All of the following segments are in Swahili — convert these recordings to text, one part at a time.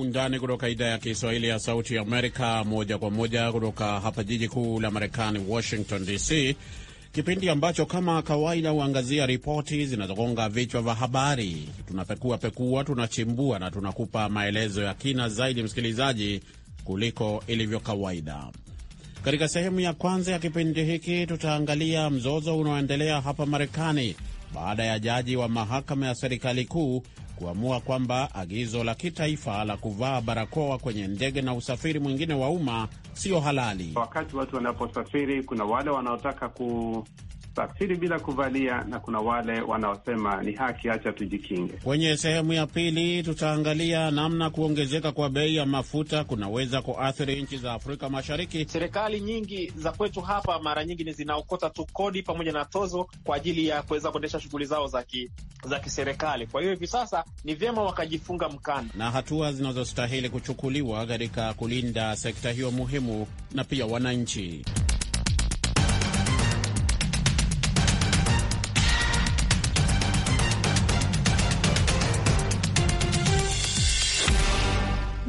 undani kutoka idhaa ya Kiswahili ya Sauti ya Amerika, moja kwa moja kutoka hapa jiji kuu la Marekani, Washington DC, kipindi ambacho kama kawaida huangazia ripoti zinazogonga vichwa vya habari. Tunapekua pekua, tunachimbua na tunakupa maelezo ya kina zaidi, msikilizaji, kuliko ilivyo kawaida. Katika sehemu ya kwanza ya kipindi hiki tutaangalia mzozo unaoendelea hapa Marekani baada ya jaji wa mahakama ya serikali kuu kuamua kwamba agizo la kitaifa la kuvaa barakoa kwenye ndege na usafiri mwingine wa umma sio halali. Wakati watu wanaposafiri, kuna wale wanaotaka ku kusafiri bila kuvalia na kuna wale wanaosema ni haki, acha tujikinge. Kwenye sehemu ya pili tutaangalia namna kuongezeka kwa bei ya mafuta kunaweza kuathiri nchi za Afrika Mashariki. Serikali nyingi za kwetu hapa mara nyingi ni zinaokota tu kodi pamoja na tozo kwa ajili ya kuweza kuendesha shughuli zao za ki, za kiserikali. Kwa hiyo hivi sasa ni vyema wakajifunga mkanda na hatua zinazostahili kuchukuliwa katika kulinda sekta hiyo muhimu na pia wananchi.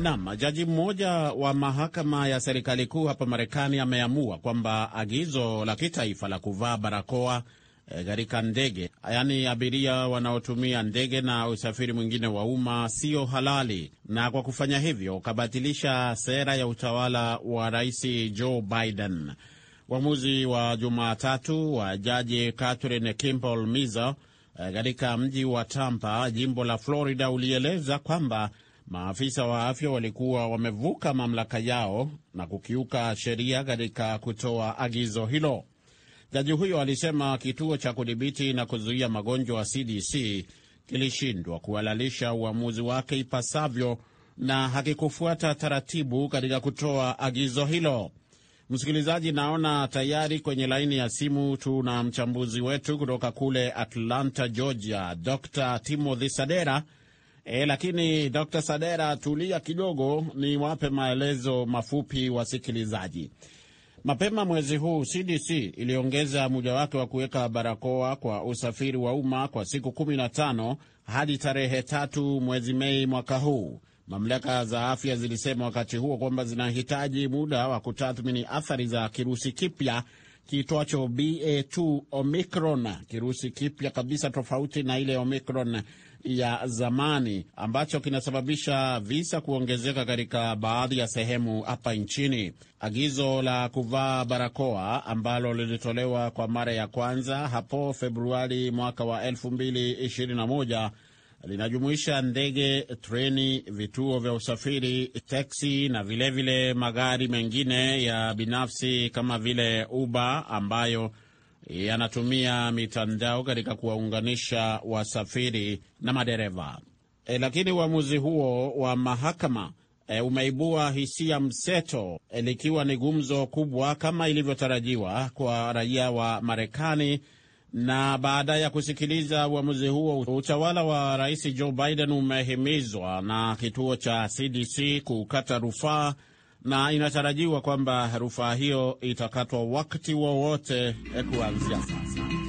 Naam, jaji mmoja wa mahakama ya serikali kuu hapa Marekani ameamua kwamba agizo la kitaifa la kuvaa barakoa eh, katika e, ndege, yaani abiria wanaotumia ndege na usafiri mwingine wa umma sio halali, na kwa kufanya hivyo ukabatilisha sera ya utawala wa Rais Joe Biden. Uamuzi wa Jumatatu wa jaji Catherine Kimball Mizo eh, katika mji wa Tampa, jimbo la Florida, ulieleza kwamba Maafisa wa afya walikuwa wamevuka mamlaka yao na kukiuka sheria katika kutoa agizo hilo. Jaji huyo alisema kituo cha kudhibiti na kuzuia magonjwa CDC kilishindwa kuhalalisha uamuzi wake ipasavyo na hakikufuata taratibu katika kutoa agizo hilo. Msikilizaji, naona tayari kwenye laini ya simu tuna mchambuzi wetu kutoka kule Atlanta, Georgia, Dr Timothy Sadera E, lakini Dr. Sadera, tulia kidogo, ni wape maelezo mafupi wasikilizaji. Mapema mwezi huu CDC iliongeza muda wake wa kuweka barakoa kwa usafiri wa umma kwa siku 15 hadi tarehe tatu mwezi Mei mwaka huu. Mamlaka za afya zilisema wakati huo kwamba zinahitaji muda wa kutathmini athari za kirusi kipya kiitwacho BA2 Omicron, kirusi kipya kabisa tofauti na ile Omicron ya zamani ambacho kinasababisha visa kuongezeka katika baadhi ya sehemu hapa nchini. Agizo la kuvaa barakoa ambalo lilitolewa kwa mara ya kwanza hapo Februari mwaka wa 2021 linajumuisha ndege, treni, vituo vya usafiri, teksi na vilevile vile magari mengine ya binafsi kama vile Uber ambayo yanatumia mitandao katika kuwaunganisha wasafiri na madereva. E, lakini uamuzi huo wa mahakama e, umeibua hisia mseto e, likiwa ni gumzo kubwa kama ilivyotarajiwa kwa raia wa Marekani. Na baada ya kusikiliza uamuzi huo, utawala wa Rais Joe Biden umehimizwa na kituo cha CDC kukata rufaa na inatarajiwa kwamba rufaa hiyo itakatwa wakati wowote eh, kuanzia sasa.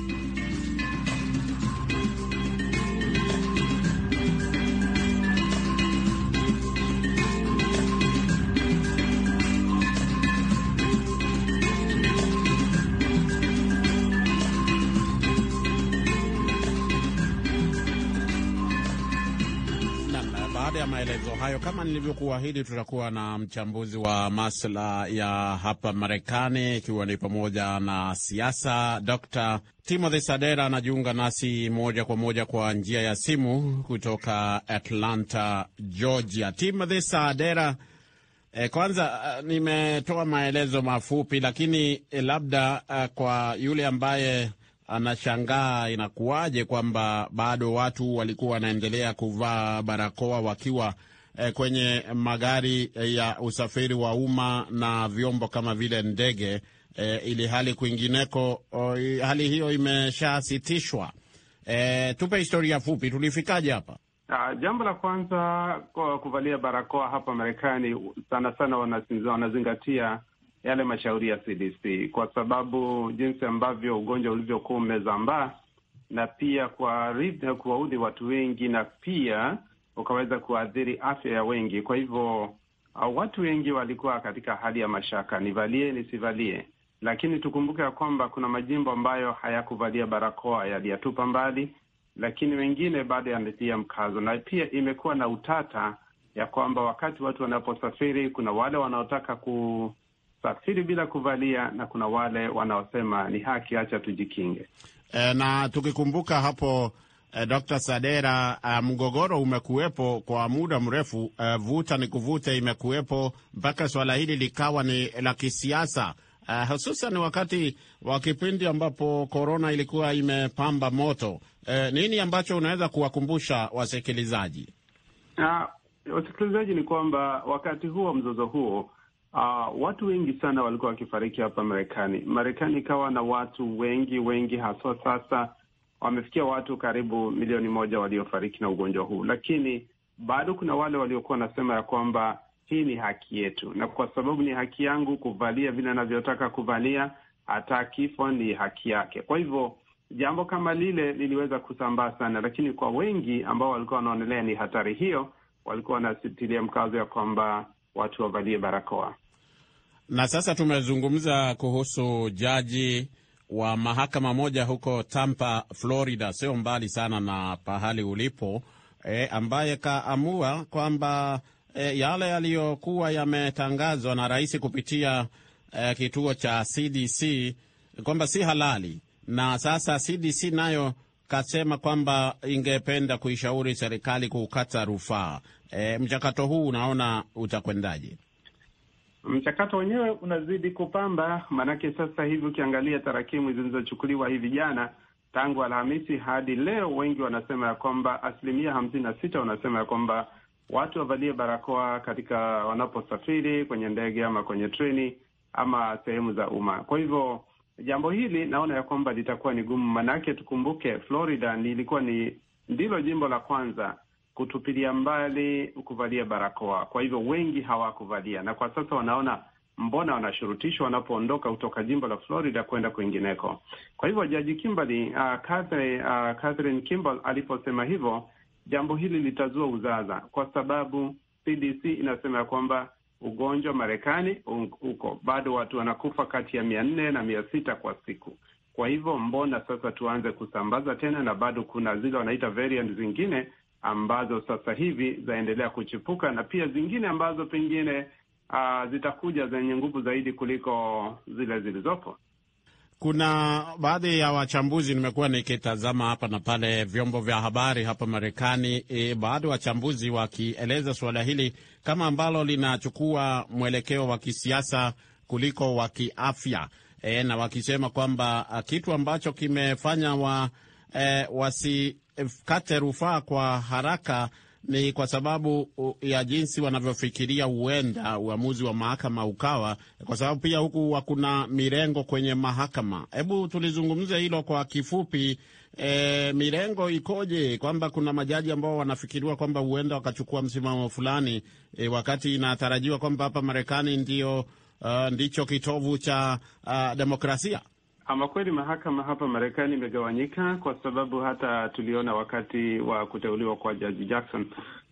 hayo, kama nilivyokuahidi, tutakuwa na mchambuzi wa masuala ya hapa Marekani, ikiwa ni pamoja na siasa. Dr Timothy Sadera anajiunga nasi moja kwa moja kwa njia ya simu kutoka Atlanta, Georgia. Timothy Sadera, eh, kwanza eh, nimetoa maelezo mafupi, lakini eh, labda eh, kwa yule ambaye anashangaa inakuwaje kwamba bado watu walikuwa wanaendelea kuvaa barakoa wakiwa eh, kwenye magari eh, ya usafiri wa umma na vyombo kama vile ndege eh, ili hali kwingineko oh, hali hiyo imeshasitishwa. Eh, tupe historia fupi, tulifikaje hapa? Uh, jambo la kwanza kwa kuvalia barakoa hapa Marekani sana sana wanazingatia yale mashauri ya CDC kwa sababu jinsi ambavyo ugonjwa ulivyokuwa umezambaa na pia kuwaudhi watu wengi na pia ukaweza kuathiri afya ya wengi. Kwa hivyo watu wengi walikuwa katika hali ya mashaka, nivalie nisivalie, lakini tukumbuke ya kwamba kuna majimbo ambayo hayakuvalia barakoa yaliyatupa mbali, lakini wengine bado yametia mkazo, na pia imekuwa na utata ya kwamba wakati watu wanaposafiri, kuna wale wanaotaka kusafiri bila kuvalia na kuna wale wanaosema ni haki, acha tujikinge. E, na tukikumbuka hapo Eh, Dr. Sadera, uh, mgogoro umekuwepo kwa muda mrefu uh, vuta ni kuvuta imekuwepo mpaka swala hili likawa ni la kisiasa uh, hususan wakati wa kipindi ambapo korona ilikuwa imepamba moto. uh, nini ambacho unaweza kuwakumbusha wasikilizaji? Uh, wasikilizaji ni kwamba wakati huo wa mzozo huo Uh, watu wengi sana walikuwa wakifariki hapa Marekani. Marekani ikawa na watu wengi wengi haswa sasa wamefikia watu karibu milioni moja waliofariki na ugonjwa huu, lakini bado kuna wale waliokuwa wanasema ya kwamba hii ni haki yetu, na kwa sababu ni haki yangu kuvalia vile anavyotaka kuvalia, hata kifo ni haki yake. Kwa hivyo jambo kama lile liliweza kusambaa sana, lakini kwa wengi ambao walikuwa wanaonelea ni hatari hiyo, walikuwa wanasitilia mkazo ya kwamba watu wavalie barakoa. Na sasa tumezungumza kuhusu jaji wa mahakama moja huko Tampa, Florida, sio mbali sana na pahali ulipo e, ambaye kaamua kwamba e, yale yaliyokuwa yametangazwa na rais kupitia e, kituo cha CDC kwamba si halali, na sasa CDC nayo kasema kwamba ingependa kuishauri serikali kukata rufaa. E, mchakato huu unaona utakwendaje? mchakato wenyewe unazidi kupamba, maanake sasa hivi ukiangalia tarakimu zilizochukuliwa hivi jana tangu Alhamisi hadi leo, wengi wanasema ya kwamba asilimia hamsini na sita wanasema ya kwamba watu wavalie barakoa katika wanaposafiri kwenye ndege ama kwenye treni ama sehemu za umma. Kwa hivyo jambo hili naona ya kwamba litakuwa ni gumu, maanake tukumbuke Florida ilikuwa ni ndilo jimbo la kwanza kutupilia mbali kuvalia barakoa. Kwa hivyo wengi hawakuvalia, na kwa sasa wanaona mbona wanashurutishwa wanapoondoka kutoka jimbo la Florida kwenda kwingineko. Kwa hivyo jaji Kimbali, uh, uh, Catherine Kimball aliposema hivyo, jambo hili litazua uzaza, kwa sababu CDC inasema ya kwamba ugonjwa Marekani uko bado, watu wanakufa kati ya mia nne na mia sita kwa siku. Kwa hivyo mbona sasa tuanze kusambaza tena, na bado kuna zile wanaita variant zingine ambazo sasa hivi zaendelea kuchipuka na pia zingine ambazo pengine uh, zitakuja zenye nguvu zaidi kuliko zile zilizopo. Kuna baadhi ya wachambuzi nimekuwa nikitazama hapa na pale vyombo vya habari hapa Marekani, e, baadhi ya wachambuzi wakieleza suala hili kama ambalo linachukua mwelekeo wa kisiasa kuliko wa kiafya, e, na wakisema kwamba ah, kitu ambacho kimefanya wa, e, wasi wasikate eh, rufaa kwa haraka ni kwa sababu ya jinsi wanavyofikiria huenda uamuzi wa mahakama ukawa, kwa sababu pia huku hakuna mirengo kwenye mahakama. Hebu tulizungumze hilo kwa kifupi. E, mirengo ikoje? Kwamba kuna majaji ambao wanafikiriwa kwamba huenda wakachukua msimamo fulani e, wakati inatarajiwa kwamba hapa Marekani ndio, uh, ndicho kitovu cha uh, demokrasia. Ama kweli mahakama hapa Marekani imegawanyika kwa sababu hata tuliona wakati wa kuteuliwa kwa jaji Jackson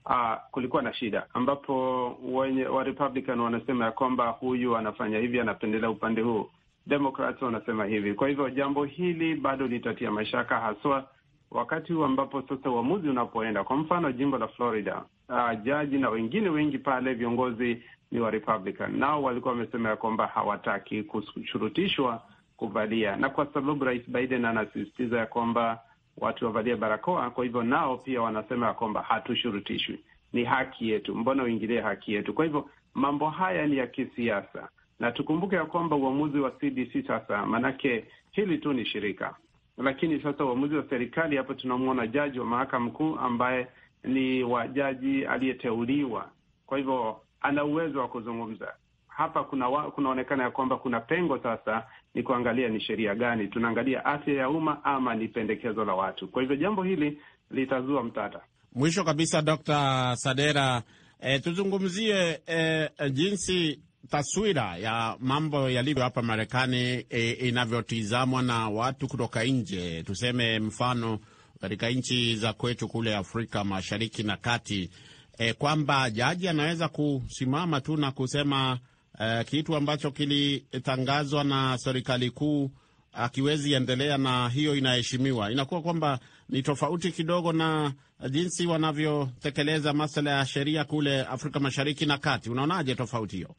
Uh, kulikuwa na shida ambapo wenye wa Republican wanasema ya kwamba huyu anafanya hivi, anapendelea upande huu. Democrats wanasema hivi. Kwa hivyo jambo hili bado litatia mashaka, haswa wakati huu ambapo sasa uamuzi unapoenda. Kwa mfano jimbo la Florida, uh, jaji na wengine wengi pale viongozi ni wa Republican, nao walikuwa wamesema ya kwamba hawataki kushurutishwa kuvalia, na kwa sababu Rais Biden anasisitiza ya kwamba watu wavalie barakoa, kwa hivyo nao pia wanasema ya kwamba hatushurutishwi, ni haki yetu, mbona uingilie haki yetu? Kwa hivyo mambo haya ni ya kisiasa, na tukumbuke ya kwamba uamuzi wa CDC sasa, maanake hili tu ni shirika, lakini sasa uamuzi wa serikali hapo, tunamwona jaji wa mahakama kuu ambaye ni wajaji aliyeteuliwa, kwa hivyo ana uwezo wa kuzungumza hapa. Kuna wa, kunaonekana ya kwamba kuna pengo sasa ni kuangalia ni sheria gani, tunaangalia afya ya umma ama ni pendekezo la watu. Kwa hivyo jambo hili litazua mtata. Mwisho kabisa, Dr. Sadera, e, tuzungumzie e, jinsi taswira ya mambo yalivyo hapa Marekani e, inavyotizamwa na watu kutoka nje, tuseme mfano katika nchi za kwetu kule Afrika Mashariki na Kati, e, kwamba jaji anaweza kusimama tu na kusema uh, kitu ambacho kilitangazwa na serikali kuu akiwezi ah, endelea na hiyo inaheshimiwa, inakuwa kwamba ni tofauti kidogo na jinsi wanavyotekeleza masuala ya sheria kule Afrika Mashariki na Kati. Unaonaje tofauti hiyo?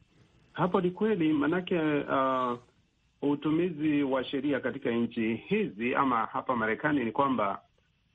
Hapo ni kweli, maanake uh, ah, utumizi wa sheria katika nchi hizi ama hapa Marekani ni kwamba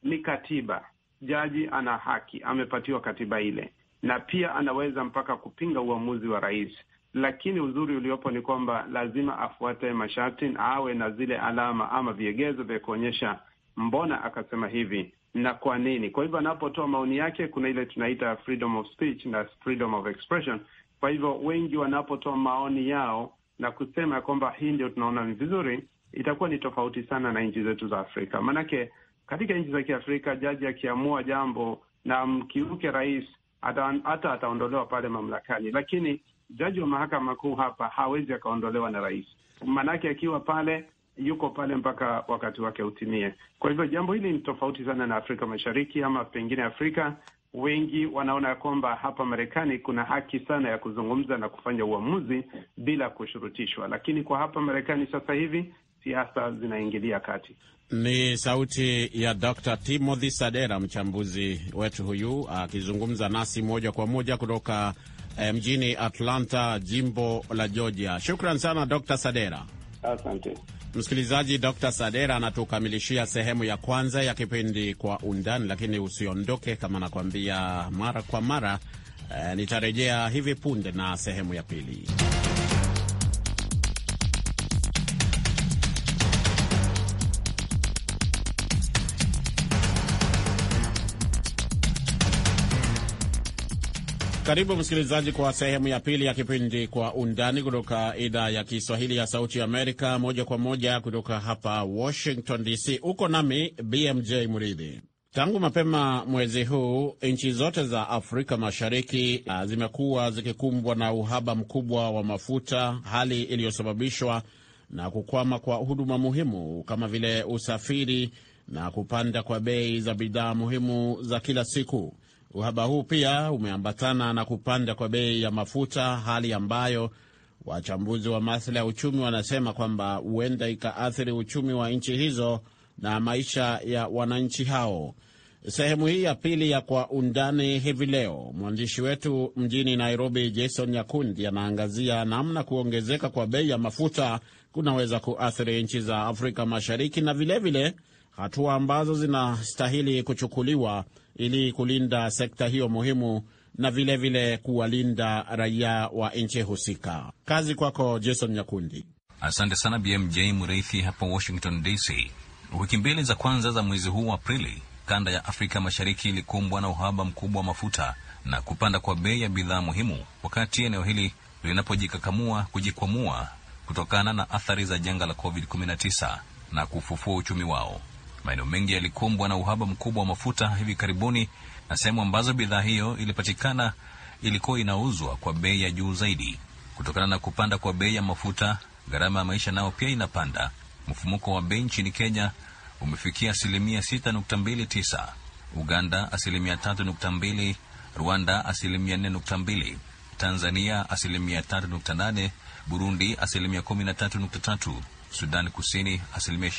ni katiba, jaji ana haki, amepatiwa katiba ile, na pia anaweza mpaka kupinga uamuzi wa rais lakini uzuri uliopo ni kwamba lazima afuate masharti, awe na zile alama ama viegezo vya kuonyesha mbona akasema hivi na kwa nini. Kwa hivyo anapotoa maoni yake, kuna ile tunaita freedom of speech na freedom of expression. Kwa hivyo wengi wanapotoa maoni yao na kusema ya kwamba hii ndio tunaona ni vizuri, itakuwa ni tofauti sana na nchi zetu za Afrika. Maanake katika nchi za Kiafrika jaji akiamua jambo na mkiuke rais, hata ataondolewa pale mamlakani, lakini jaji wa mahakama kuu hapa hawezi akaondolewa na rais, maanake akiwa pale yuko pale mpaka wakati wake utimie. Kwa hivyo jambo hili ni tofauti sana na Afrika Mashariki ama pengine Afrika. Wengi wanaona kwamba hapa Marekani kuna haki sana ya kuzungumza na kufanya uamuzi bila kushurutishwa, lakini kwa hapa Marekani sasa hivi siasa zinaingilia kati. Ni sauti ya Dr. Timothy Sadera, mchambuzi wetu huyu akizungumza nasi moja kwa moja kutoka eh, mjini Atlanta, jimbo la Georgia. Shukran sana Dr. Sadera. Asante msikilizaji. Dr. Sadera anatukamilishia sehemu ya kwanza ya kipindi Kwa Undani, lakini usiondoke, kama nakwambia mara kwa mara eh, nitarejea hivi punde na sehemu ya pili. Karibu msikilizaji, kwa sehemu ya pili ya kipindi Kwa Undani kutoka idhaa ya Kiswahili ya Sauti Amerika, moja kwa moja kutoka hapa Washington DC. Uko nami BMJ Muridhi. Tangu mapema mwezi huu nchi zote za Afrika Mashariki ah, zimekuwa zikikumbwa na uhaba mkubwa wa mafuta, hali iliyosababishwa na kukwama kwa huduma muhimu kama vile usafiri na kupanda kwa bei za bidhaa muhimu za kila siku. Uhaba huu pia umeambatana na kupanda kwa bei ya mafuta, hali ambayo wachambuzi wa masuala ya uchumi wanasema kwamba huenda ikaathiri uchumi wa nchi hizo na maisha ya wananchi hao. Sehemu hii ya pili ya Kwa Undani hivi leo, mwandishi wetu mjini Nairobi, Jason Nyakundi, anaangazia namna kuongezeka kwa bei ya mafuta kunaweza kuathiri nchi za Afrika Mashariki na vilevile hatua ambazo zinastahili kuchukuliwa ili kulinda sekta hiyo muhimu na vilevile vile kuwalinda raia wa nchi husika. Kazi kwako Jason Nyakundi. Asante sana BMJ Mreithi hapa Washington DC. Wiki mbili za kwanza za mwezi huu wa Aprili, kanda ya Afrika Mashariki ilikumbwa na uhaba mkubwa wa mafuta na kupanda kwa bei ya bidhaa muhimu, wakati eneo hili linapojikakamua kujikwamua kutokana na athari za janga la COVID-19 na kufufua uchumi wao maeneo mengi yalikumbwa na uhaba mkubwa wa mafuta hivi karibuni, na sehemu ambazo bidhaa hiyo ilipatikana ilikuwa inauzwa kwa bei ya juu zaidi. Kutokana na kupanda kwa bei ya mafuta, gharama ya maisha nayo pia inapanda. Mfumuko wa bei nchini Kenya umefikia asilimia 6.29, Uganda asilimia 3.2, Rwanda asilimia 4.2, Tanzania asilimia 3.8, Burundi asilimia 13.3, Sudani Kusini asilimia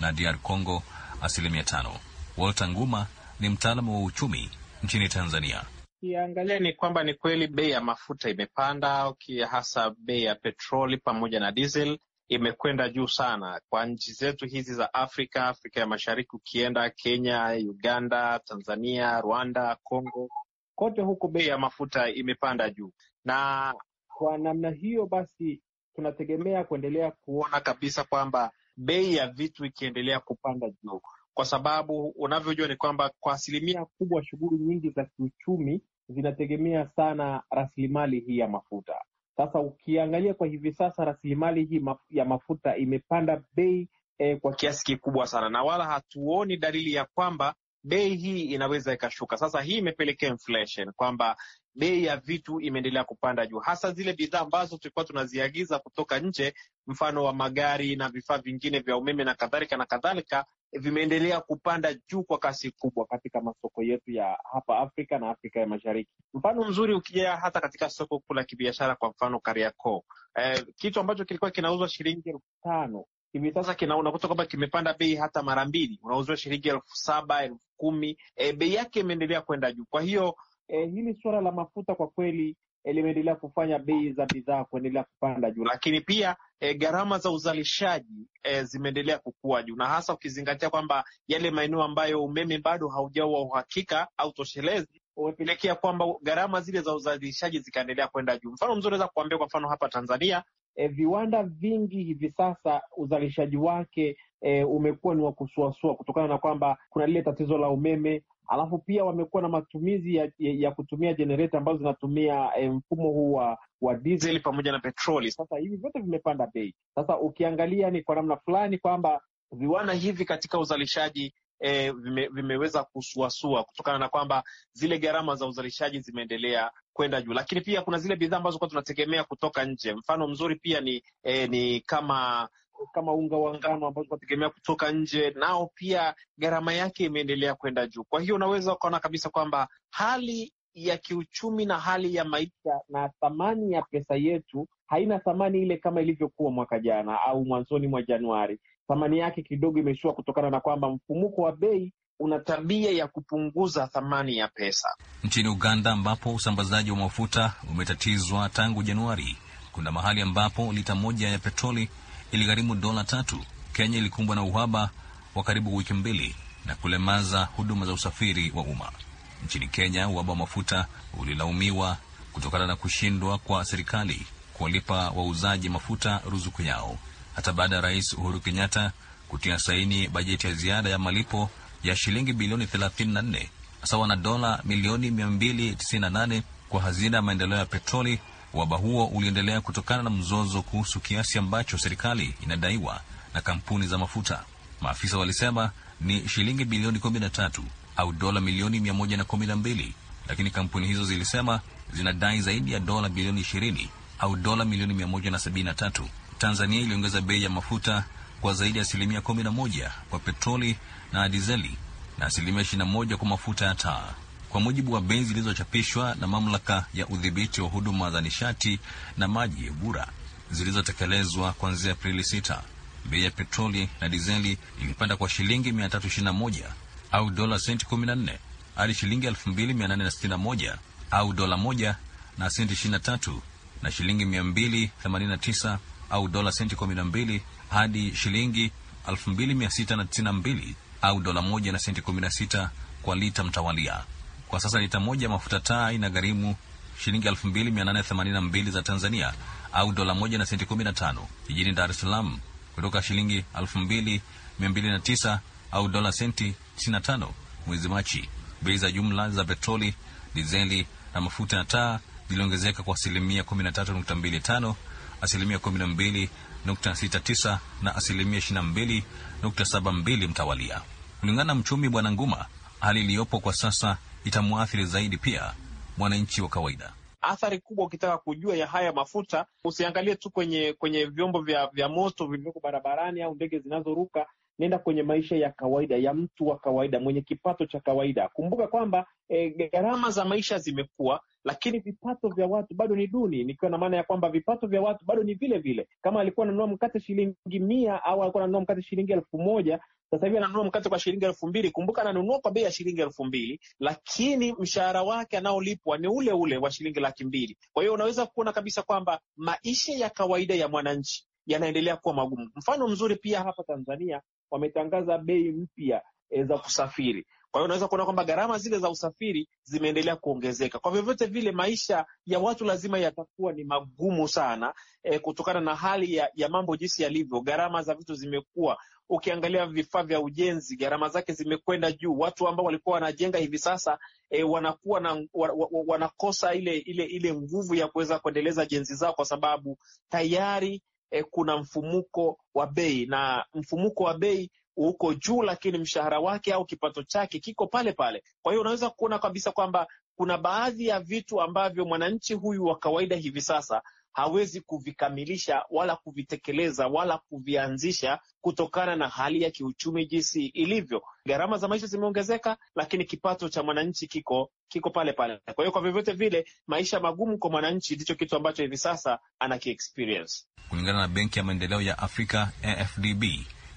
na DR Congo asilimia tano. Walter Nguma ni mtaalamu wa uchumi nchini Tanzania. Ukiangalia ni kwamba ni kweli bei ya mafuta imepanda, hasa bei ya petroli pamoja na diesel imekwenda juu sana kwa nchi zetu hizi za Afrika, Afrika ya Mashariki, ukienda Kenya, Uganda, Tanzania, Rwanda, Congo, kote huku bei ya mafuta imepanda juu, na kwa namna hiyo basi tunategemea kuendelea kuona kabisa kwamba bei ya vitu ikiendelea kupanda juu, kwa sababu unavyojua ni kwamba kwa asilimia kubwa shughuli nyingi za kiuchumi zinategemea sana rasilimali hii ya mafuta. Sasa ukiangalia kwa hivi sasa rasilimali hii ya mafuta imepanda bei eh, kwa kiasi kikubwa sana, na wala hatuoni dalili ya kwamba bei hii inaweza ikashuka. Sasa hii imepelekea inflation kwamba bei ya vitu imeendelea kupanda juu, hasa zile bidhaa ambazo tulikuwa tunaziagiza kutoka nje, mfano wa magari na vifaa vingine vya umeme na kadhalika na kadhalika, vimeendelea kupanda juu kwa kasi kubwa katika masoko yetu ya hapa Afrika na Afrika ya Mashariki. Mfano mzuri ukija hata katika soko kuu la kibiashara, kwa mfano Kariakoo, eh, kitu ambacho kilikuwa kinauzwa shilingi elfu tano hivi sasa kina unakuta kwamba kimepanda bei hata mara mbili, unauziwa shilingi elfu saba elfu kumi e, bei yake imeendelea kwenda juu. Kwa hiyo e, hili suala la mafuta kwa kweli e, limeendelea kufanya bei za bidhaa kuendelea kupanda juu, lakini pia e, gharama za uzalishaji e, zimeendelea kukua juu, na hasa ukizingatia kwamba yale maeneo ambayo umeme bado haujawa uhakika au toshelezi umepelekea kwamba gharama zile za uzalishaji zikaendelea kwenda juu. Mfano mzuri naweza kuambia, kwa mfano hapa Tanzania e, viwanda vingi hivi sasa uzalishaji wake e, umekuwa ni wa kusuasua kutokana na kwamba kuna lile tatizo la umeme, alafu pia wamekuwa na matumizi ya, ya kutumia jenereta ambazo zinatumia e, mfumo huu wa wa dizeli pamoja na petroli. Sasa hivi vyote vimepanda bei. Sasa ukiangalia ni kwa namna fulani kwamba viwanda hivi katika uzalishaji e, vime, vimeweza kusuasua kutokana na kwamba zile gharama za uzalishaji zimeendelea kwenda juu, lakini pia kuna zile bidhaa ambazo kuwa tunategemea kutoka nje. Mfano mzuri pia ni e, ni kama kama unga wa ngano ambao tunategemea kutoka nje, nao pia gharama yake imeendelea kwenda juu. Kwa hiyo unaweza ukaona kabisa kwamba hali ya kiuchumi na hali ya maisha na thamani ya pesa yetu haina thamani ile kama ilivyokuwa mwaka jana au mwanzoni mwa Januari. Thamani yake kidogo imeshua kutokana na kwamba mfumuko wa bei una tabia ya kupunguza thamani ya pesa. Nchini Uganda, ambapo usambazaji wa mafuta umetatizwa tangu Januari, kuna mahali ambapo lita moja ya petroli iligharimu dola tatu. Kenya ilikumbwa na uhaba wa karibu wiki mbili na kulemaza huduma za usafiri wa umma nchini Kenya, uhaba wa mafuta ulilaumiwa kutokana na kushindwa kwa serikali kuwalipa wauzaji mafuta ruzuku yao, hata baada ya Rais Uhuru Kenyatta kutia saini bajeti ya ziada ya malipo ya shilingi bilioni 34 sawa na dola milioni 298 kwa hazina ya maendeleo ya petroli. Uhaba huo uliendelea kutokana na mzozo kuhusu kiasi ambacho serikali inadaiwa na kampuni za mafuta. Maafisa walisema ni shilingi bilioni 13 au dola milioni mia moja na na kumi mbili, lakini kampuni hizo zilisema zinadai zaidi ya dola bilioni ishirini au dola milioni mia moja na na sabini tatu. Tanzania iliongeza bei ya mafuta kwa zaidi ya asilimia kumi na moja kwa petroli na dizeli na asilimia na moja kwa mafuta ya taa, kwa mujibu wa bei zilizochapishwa na mamlaka ya udhibiti wa huduma za nishati na maji EBURA zilizotekelezwa kuanzia Aprili sita, Bei ya petroli na dizeli ilipanda kwa shilingi mia tatu na moja au dola senti kumi na nne hadi shilingi elfu mbili mia nane na na sitini moja au dola moja na senti 23 na tatu na shilingi mia mbili themanini na tisa au dola senti kumi na mbili hadi shilingi elfu mbili mia sita na na tisini mbili au dola moja na senti kumi na sita kwa lita mtawalia. Kwa sasa lita moja ya mafuta taa inagharimu shilingi elfu mbili mia nane themanini na mbili za Tanzania au dola moja na senti kumi na tano jijini Dar es Salaam kutoka shilingi elfu mbili mbili mia na tisa au dola senti 95 mwezi Machi. Bei za jumla za petroli, dizeli na mafuta ya taa ziliongezeka kwa asilimia 13.25, asilimia 12.69 na asilimia 22.72 mtawalia. Kulingana na mchumi Bwana Nguma, hali iliyopo kwa sasa itamwathiri zaidi pia mwananchi wa kawaida. Athari kubwa ukitaka kujua ya haya mafuta, usiangalie tu kwenye kwenye vyombo vya, vya moto vilivyoko barabarani au ndege zinazoruka, nenda kwenye maisha ya kawaida ya mtu wa kawaida mwenye kipato cha kawaida. Kumbuka kwamba e, gharama za maisha zimekuwa, lakini vipato vya watu bado ni duni, nikiwa na maana ya kwamba vipato vya watu bado ni vile vile. Kama alikuwa ananunua mkate shilingi mia au alikuwa ananunua mkate shilingi elfu moja sasa hivi ananunua mkate kwa shilingi elfu mbili. Kumbuka ananunua kwa bei ya shilingi elfu mbili, lakini mshahara wake anaolipwa ni ule ule wa shilingi laki mbili. Kwa hiyo unaweza kuona kabisa kwamba maisha ya kawaida ya mwananchi yanaendelea kuwa magumu. Mfano mzuri pia hapa Tanzania wametangaza bei mpya e, za kusafiri. Kwa hiyo unaweza kuona kwamba gharama zile za usafiri zimeendelea kuongezeka. Kwa vyovyote vile, maisha ya watu lazima yatakuwa ni magumu sana e, kutokana na hali ya, ya mambo jinsi yalivyo. Gharama za vitu zimekuwa ukiangalia vifaa vya ujenzi gharama zake zimekwenda juu. Watu ambao walikuwa wanajenga hivi sasa e, wanakuwa na, wa, wa, wanakosa ile ile ile nguvu ya kuweza kuendeleza jenzi zao, kwa sababu tayari eh, kuna mfumuko wa bei na mfumuko wa bei uko juu, lakini mshahara wake au kipato chake kiko pale pale. Kwa hiyo unaweza kuona kabisa kwamba kuna baadhi ya vitu ambavyo mwananchi huyu wa kawaida hivi sasa hawezi kuvikamilisha wala kuvitekeleza wala kuvianzisha kutokana na hali ya kiuchumi jinsi ilivyo. Gharama za maisha zimeongezeka, lakini kipato cha mwananchi kiko kiko pale pale. Kwa hiyo kwa vyovyote vile, maisha magumu kwa mwananchi ndicho kitu ambacho hivi sasa ana kiexperience. Kulingana na Benki ya Maendeleo ya Afrika AFDB,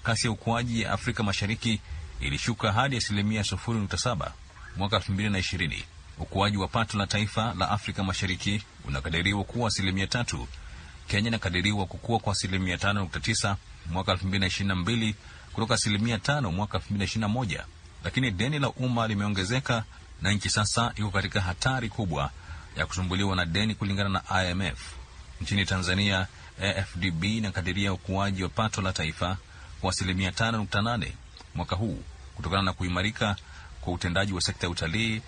kasi ya ukuaji ya Afrika Mashariki ilishuka hadi asilimia sufuri nukta saba mwaka elfu mbili na ishirini Ukuaji wa pato la taifa la Afrika Mashariki unakadiriwa kuwa asilimia tatu. Kenya inakadiriwa kukua kwa asilimia tano nukta tisa mwaka elfu mbili na ishirini na mbili kutoka asilimia tano mwaka elfu mbili na ishirini na moja lakini deni la umma limeongezeka na nchi sasa iko katika hatari kubwa ya kusumbuliwa na deni kulingana na IMF. Nchini Tanzania, AFDB inakadiria ukuaji wa pato la taifa kwa asilimia tano nukta nane mwaka huu kutokana na kuimarika kwa utendaji wa sekta ya utalii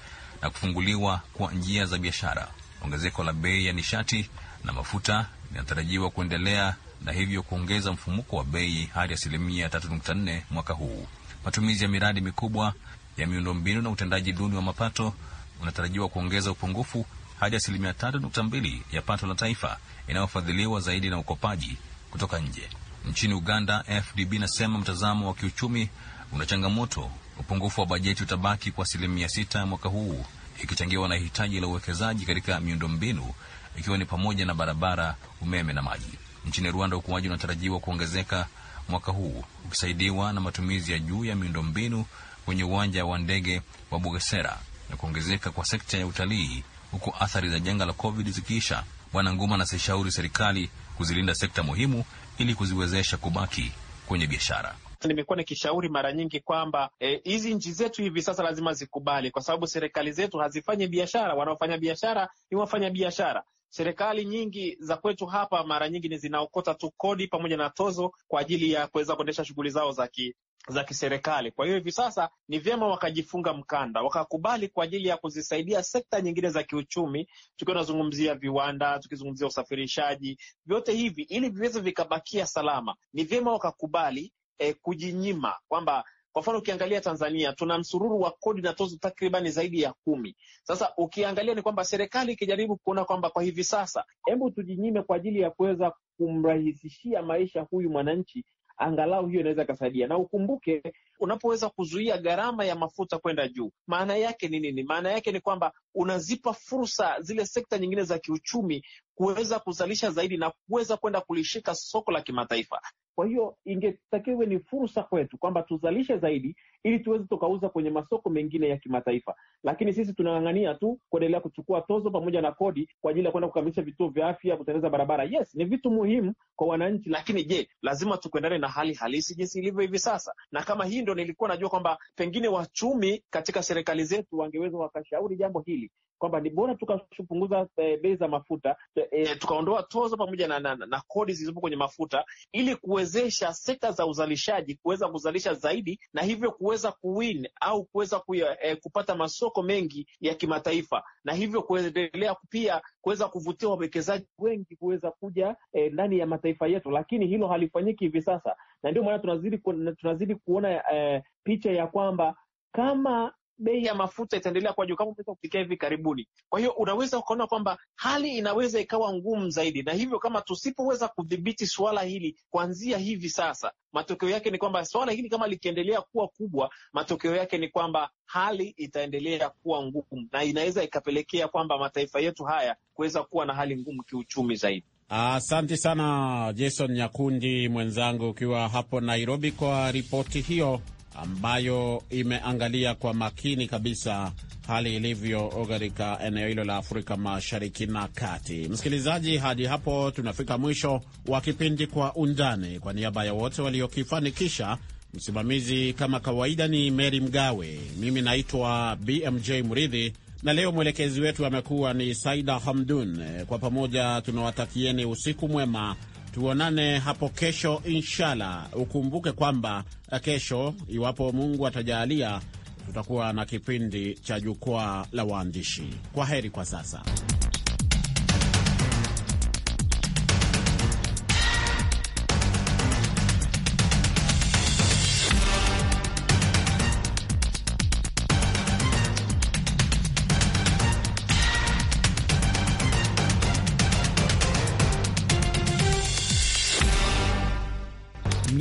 na kufunguliwa kwa njia za biashara. Ongezeko la bei ya nishati na mafuta linatarajiwa kuendelea na hivyo kuongeza mfumuko wa bei hadi asilimia 3.4 mwaka huu. Matumizi ya miradi mikubwa ya miundombinu na utendaji duni wa mapato unatarajiwa kuongeza upungufu hadi asilimia 3.2 ya pato la taifa inayofadhiliwa zaidi na ukopaji kutoka nje. Nchini Uganda, FDB inasema mtazamo wa kiuchumi una changamoto Upungufu wa bajeti utabaki kwa asilimia sita mwaka huu, ikichangiwa na hitaji la uwekezaji katika miundombinu ikiwa ni pamoja na barabara, umeme na maji. Nchini Rwanda, ukuaji unatarajiwa kuongezeka mwaka huu ukisaidiwa na matumizi ya juu ya miundombinu kwenye uwanja wa ndege wa Bugesera na kuongezeka kwa sekta ya utalii, huku athari za janga la COVID zikiisha. Bwana Nguma anasishauri serikali kuzilinda sekta muhimu ili kuziwezesha kubaki kwenye biashara nimekuwa nikishauri mara nyingi kwamba e, hizi e, nchi zetu hivi sasa lazima zikubali, kwa sababu serikali zetu hazifanyi biashara. Wanaofanya biashara ni wafanya biashara. Serikali nyingi za kwetu hapa mara nyingi ni zinaokota tu kodi pamoja na tozo kwa ajili ya kuweza kuendesha shughuli zao za ki za kiserikali. Kwa hiyo hivi sasa ni vyema wakajifunga mkanda, wakakubali kwa ajili ya kuzisaidia sekta nyingine za kiuchumi, tukiwa tunazungumzia viwanda, tukizungumzia usafirishaji, vyote hivi ili viweze vikabakia salama, ni vyema wakakubali eh, kujinyima kwamba kwa mfano ukiangalia Tanzania tuna msururu wa kodi na tozo takribani zaidi ya kumi. Sasa ukiangalia ni kwamba serikali ikijaribu kuona kwamba kwa hivi sasa, hebu tujinyime kwa ajili ya kuweza kumrahisishia maisha huyu mwananchi, angalau hiyo inaweza ikasaidia. Na ukumbuke unapoweza kuzuia gharama ya mafuta kwenda juu, maana yake ni nini? Maana yake ni kwamba unazipa fursa zile sekta nyingine za kiuchumi kuweza kuzalisha zaidi na kuweza kwenda kulishika soko la kimataifa. Kwa hiyo ingetakiwa ni fursa kwetu kwamba tuzalishe zaidi ili tuweze tukauza kwenye masoko mengine ya kimataifa, lakini sisi tunang'ang'ania tu kuendelea kuchukua tozo pamoja na kodi kwa ajili ya kwenda kukamilisha vituo vya afya, kutengeneza barabara. Yes, ni vitu muhimu kwa wananchi, lakini je, lazima tukuendane na hali halisi jinsi ilivyo hivi sasa? Na kama hii ndo nilikuwa najua kwamba pengine wachumi katika serikali zetu wangeweza wakashauri jambo hili, kwamba ni bora tukapunguza eh, bei za mafuta eh, tukaondoa tozo pamoja na, na, na kodi zilizopo kwenye mafuta ili kuwezesha sekta za uzalishaji kuweza kuzalisha zaidi na hivyo kuweza kuwin au kuweza eh, kupata masoko mengi ya kimataifa na hivyo kuendelea pia kuweza kuvutia wawekezaji wengi kuweza kuja e, ndani ya mataifa yetu, lakini hilo halifanyiki hivi sasa, na ndio maana tunazidi, tunazidi kuona eh, picha ya kwamba kama bei ya mafuta itaendelea kuwa juu kama umeweza kufikia hivi karibuni. Kwa hiyo unaweza ukaona kwamba hali inaweza ikawa ngumu zaidi, na hivyo kama tusipoweza kudhibiti suala hili kuanzia hivi sasa, matokeo yake ni kwamba suala hili kama likiendelea kuwa kubwa, matokeo yake ni kwamba hali itaendelea kuwa ngumu, na inaweza ikapelekea kwamba mataifa yetu haya kuweza kuwa na hali ngumu kiuchumi zaidi. Asante sana Jason Nyakundi mwenzangu, ukiwa hapo Nairobi kwa ripoti hiyo ambayo imeangalia kwa makini kabisa hali ilivyo katika eneo hilo la Afrika Mashariki na Kati. Msikilizaji, hadi hapo tunafika mwisho wa kipindi Kwa Undani. Kwa niaba ya wote waliokifanikisha, msimamizi kama kawaida ni Meri Mgawe, mimi naitwa BMJ Muridhi, na leo mwelekezi wetu amekuwa ni Saida Hamdun. Kwa pamoja tunawatakieni usiku mwema Tuonane hapo kesho inshallah. Ukumbuke kwamba eh, kesho, iwapo Mungu atajalia, tutakuwa na kipindi cha jukwaa la waandishi. Kwa heri kwa sasa.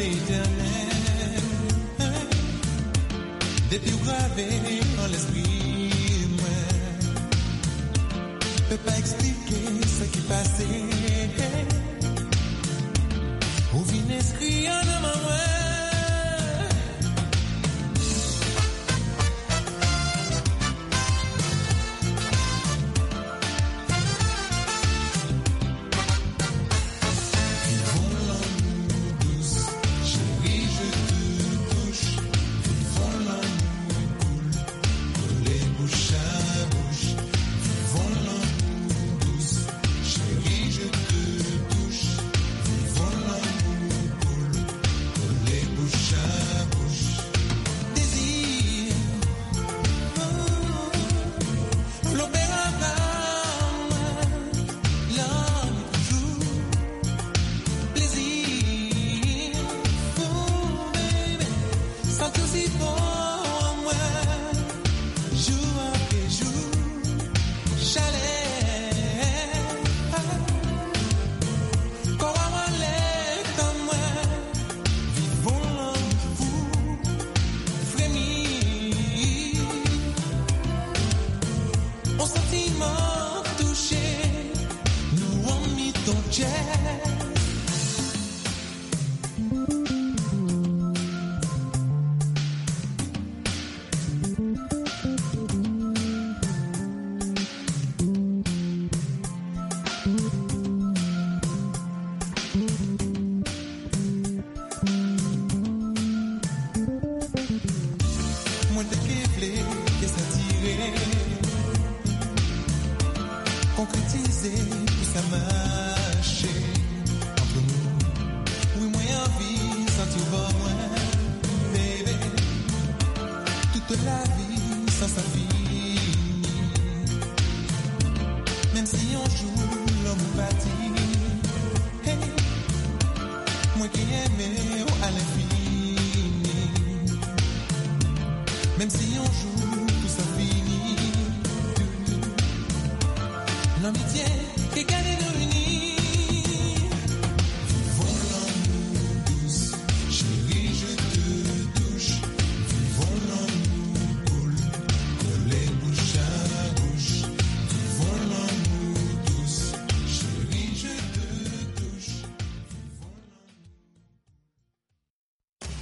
Eternel Depi ou grave En l'esprit Moi Pe pas expliquer Ce qui est passé concrétiser sa main.